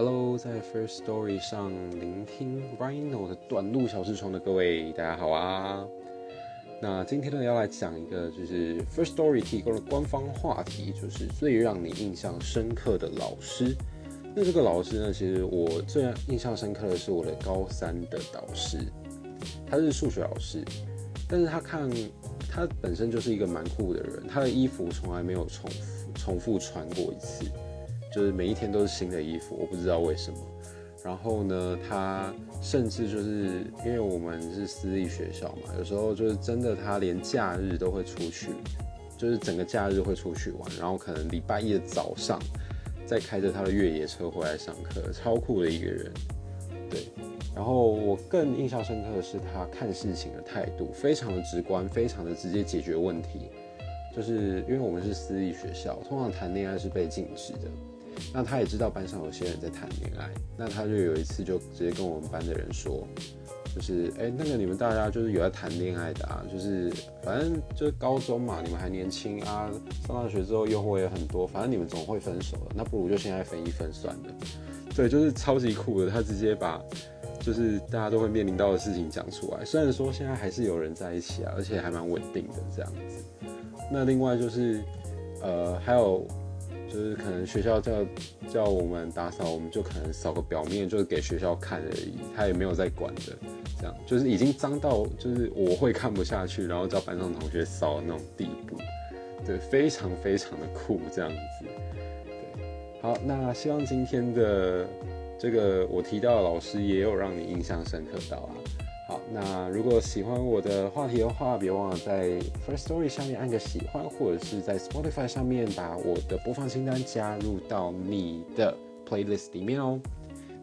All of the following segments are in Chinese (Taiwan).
Hello，在 First Story 上聆聽 Rhino 的短路小智蟲的各位，大家好啊！那今天呢，要來講一個，就是 First Story 提供的官方話題，就是最讓你印象深刻的老師。那這個老師呢，其實我最印象深刻的是我的高三的導師，他是數學老師，但是他看他本身就是一個蠻酷的人，他的衣服從來沒有重複重複穿過一次。就是每一天都是新的衣服，我不知道為什麼。然後呢，他甚至就是因為我們是私立學校嘛，有時候就是真的，他連假日都會出去，就是整個假日會出去玩，然後可能禮拜一的早上再開着他的越野車回來上課，超酷的一個人。對，然後我更印象深刻的是他看事情的態度，非常的直觀，非常的直接解決問題。就是因為我們是私立學校，通常談戀愛是被禁止的。那他也知道班上有些人在談戀愛，那他就有一次就直接跟我們班的人說，就是誒、欸，那個你們大家就是有在談戀愛的啊，就是反正就是高中嘛，你們還年輕啊，上大學之後誘惑也很多，反正你們總會分手的,那不如就現在分一分算了。對，就是超級酷的，他直接把就是大家都會面臨到的事情講出來。雖然說現在還是有人在一起啊，而且還蠻穩定的這樣子。那另外就是，呃，還有。就是可能學校叫叫我們打掃，我們就可能掃個表面，就是給學校看而已，他也沒有在管的，這樣就是已經髒到就是我會看不下去，然後叫班上同學掃的那種地步，對，非常非常的酷這樣子，對，好，那希望今天的這個我提到的老師也有讓你印象深刻到啊。好，那如果喜歡我的話題的話，別忘了在 Firstory 上面按個喜歡，或者是在 Spotify 上面把我的播放清單加入到你的 Playlist 裡面哦、喔。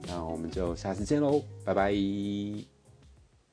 那我們就下次見嘍，拜拜。